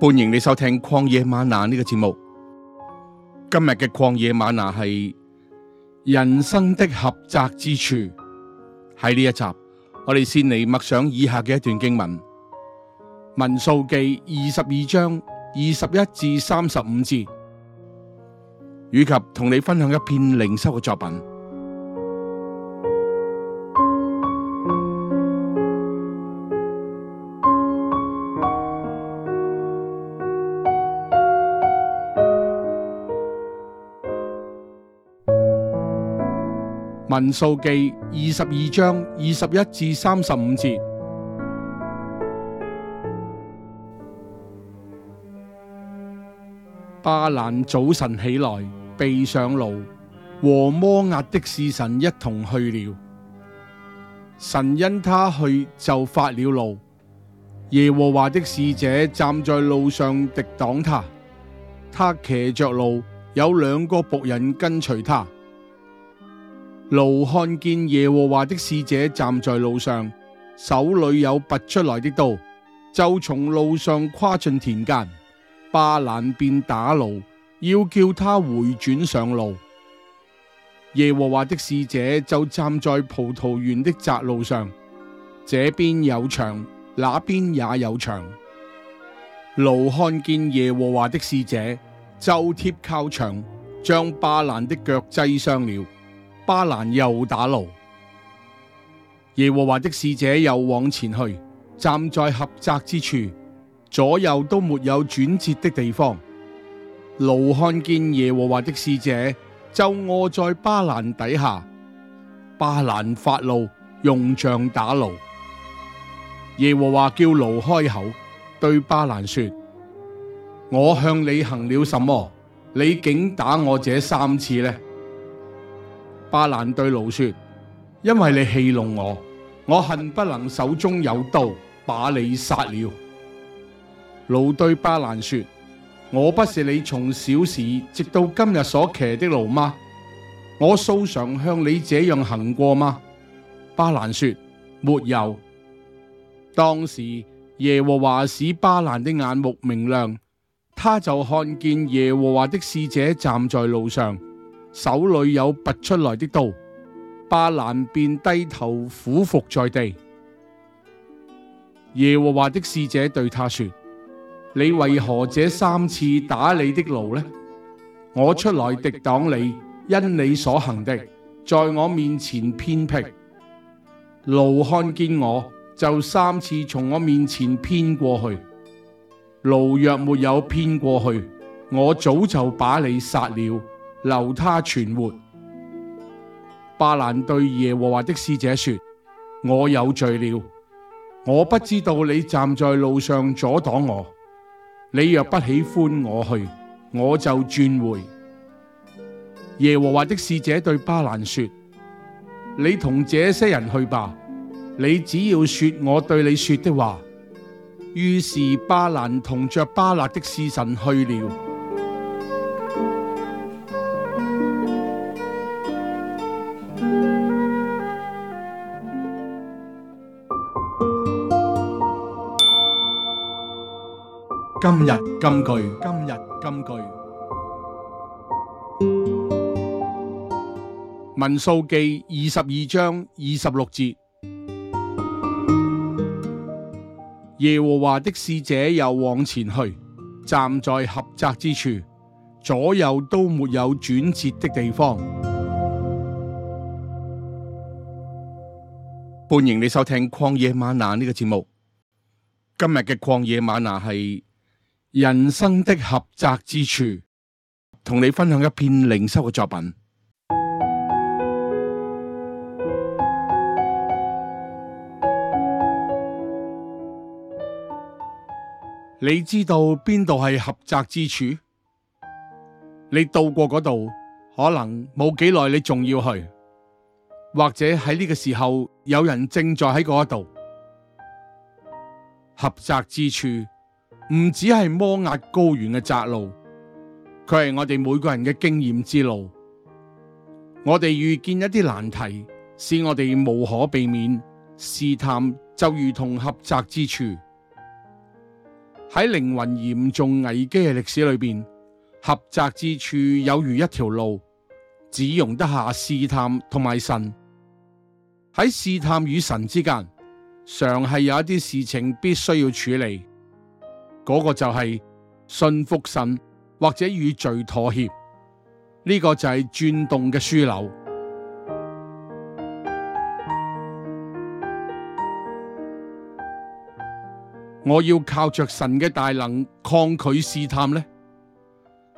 歡迎你收聽曠野嗎哪呢個節目。今日嘅曠野嗎哪係人生的狹窄之處，喺呢一集，我哋先嚟默想以下嘅一段經文，《民數記》二十二章二十一至三十五節，以及同你分享一篇靈修嘅作品。民數記二十二章二十一至三十五節。巴蘭早晨起來，備上驢，和摩押的使臣一同去了。神因他去就發了怒。耶和華的使者站在路上敵擋他，他騎着驢，有兩個僕人跟隨他。驢看見耶和華的使者站在路上，手裏有拔出來的刀，就從路上跨進田間。巴蘭便打驢，要叫他回轉上路。耶和華的使者就站在葡萄園的窄路上，這邊有牆，那邊也有牆。驢看見耶和華的使者就貼靠牆，將巴蘭的腳擠傷了。巴蘭又打驢，耶和華的使者又往前去，站在狹窄之處，左右都沒有轉折的地方。驢看見耶和華的使者，就臥在巴蘭底下。巴蘭發怒，用杖打驢。耶和華叫驢開口對巴蘭說：我向你行了什麼？你竟打我這三次呢？巴蘭對驢說：因為你戲弄我，我恨不能手中有刀把你殺了。驢對巴蘭說：我不是你從小時直到今日所騎的驢嗎？我素常向你這樣行過嗎？巴蘭說：沒有。當時耶和華使巴蘭的眼目明亮，他就看見耶和華的使者站在路上。手裏有拔出來的刀，巴蘭便低頭俯伏在地。耶和華的使者對他說：你為何這三次打你的驢呢？我出來敵擋你，因你所行的在我面前偏僻，驢看見我就三次從我面前偏過去。驢若沒有偏過去，我早就把你殺了。留他存活。巴蘭對耶和華的使者說：我有罪了，我不知道你站在路上阻擋我。你若不喜歡我去，我就轉回。耶和華的使者對巴蘭說：你同這些人去吧，你只要說我對你說的話。於是巴蘭同着巴勒的使臣去了。今日金句。今日金句。 民數記二十二章二十六節， 耶和華的使者又往前去，站在狹窄之處，左右都沒有轉折的地方。歡 迎你收聽曠野嗎哪呢個節目。今日嘅曠野嗎哪係，人生的狹窄之處，同你分享一篇靈修嘅作品。 你知道邊度係狹窄之處？你到過嗰度，可能冇幾耐，你仲要去，或者喺呢個時候有人正在喺嗰度。狹窄之處。唔止係摩押高原嘅窄路，佢係我哋每個人嘅經驗之路。我哋遇見一啲難題，使我哋無可避免試探，就如同狹窄之處。喺靈魂嚴重危機嘅歷史裏邊，狹窄之處有如一條路，只容得下試探同埋神。喺試探與神之間，常係有一啲事情必須要處理。嗰個就係信服神或者與罪妥協，呢、這個就係轉動嘅樞紐。我要靠着神嘅大能抗拒試探呢？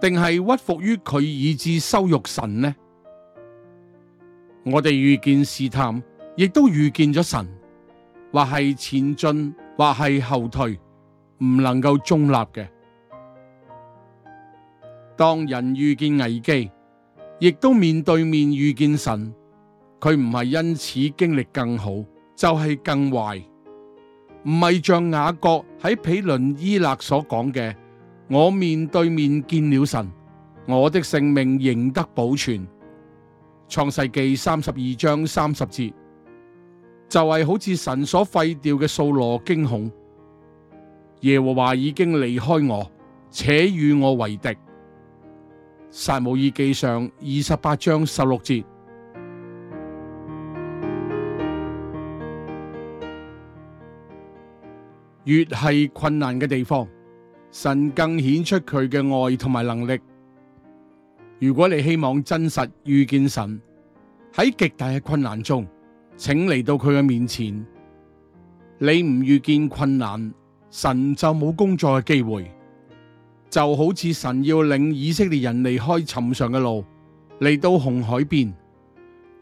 定係屈服於佢以致羞辱神呢？我哋遇見試探，亦都遇見咗神，或係前進，或係後退。唔能夠中立嘅，當人遇見危機，亦都面對面遇見神，佢唔係因此經歷更好，就係、是、更壞，唔係像雅各喺毗倫伊勒所講嘅，我面對面見了神，我的性命仍得保存。創世記三十二章三十節，就係、是、好似神所廢掉嘅掃羅驚恐。耶和華已經離開我，且與我為敵。撒母耳記上二十八章十六節。越係困難嘅地方，神更顯出佢嘅愛同埋能力。如果你希望真實遇見神，喺極大嘅困難中，請嚟到佢嘅面前。你唔遇見困難，神就冇工作嘅機會，就好似神要領以色列人離開尋常嘅路，嚟到紅海邊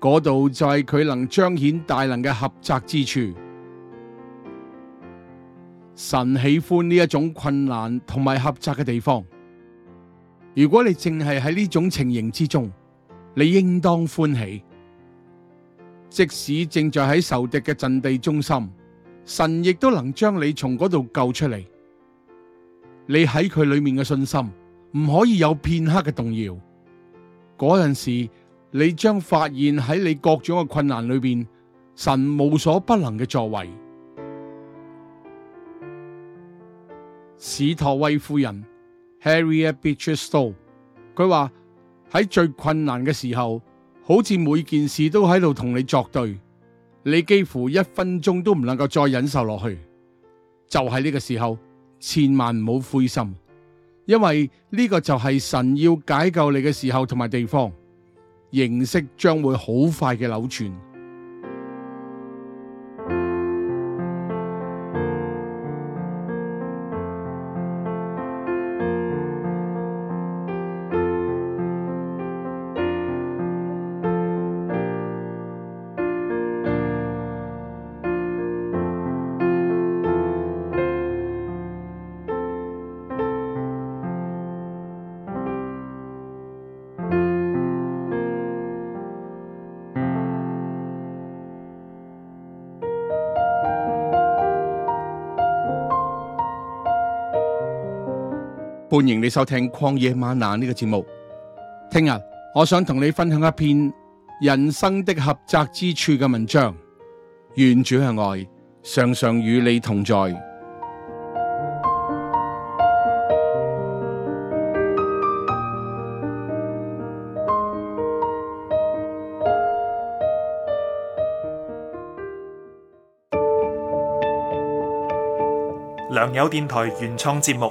嗰度就係佢能彰顯大能嘅狹窄之處。神喜歡呢一種困難同埋狹窄嘅地方。如果你淨係喺呢種情形之中，你應當歡喜，即使正在喺受敵嘅陣地中心。神亦都能將你從嗰度救出嚟。你喺佢裏面嘅信心唔可以有片刻嘅動搖。嗰陣時，你將發現喺你各種嘅困難裏邊，神無所不能嘅作為。史托威夫人 h a r r y e Beecher Stowe） 佢話：喺、er、最困難嘅時候，好似每件事都喺度同你作對。你幾乎一分鐘都唔能夠再忍受落去，就喺、是、呢個時候，千萬唔好灰心，因為呢個就係神要解救你嘅時候同埋地方，形勢將會好快嘅扭轉。歡迎你收聽曠野嗎哪呢個節目。聽日我想同你分享一篇人生的狹窄之處嘅文章。願主嘅愛，常常與你同在。良友電台原創節目。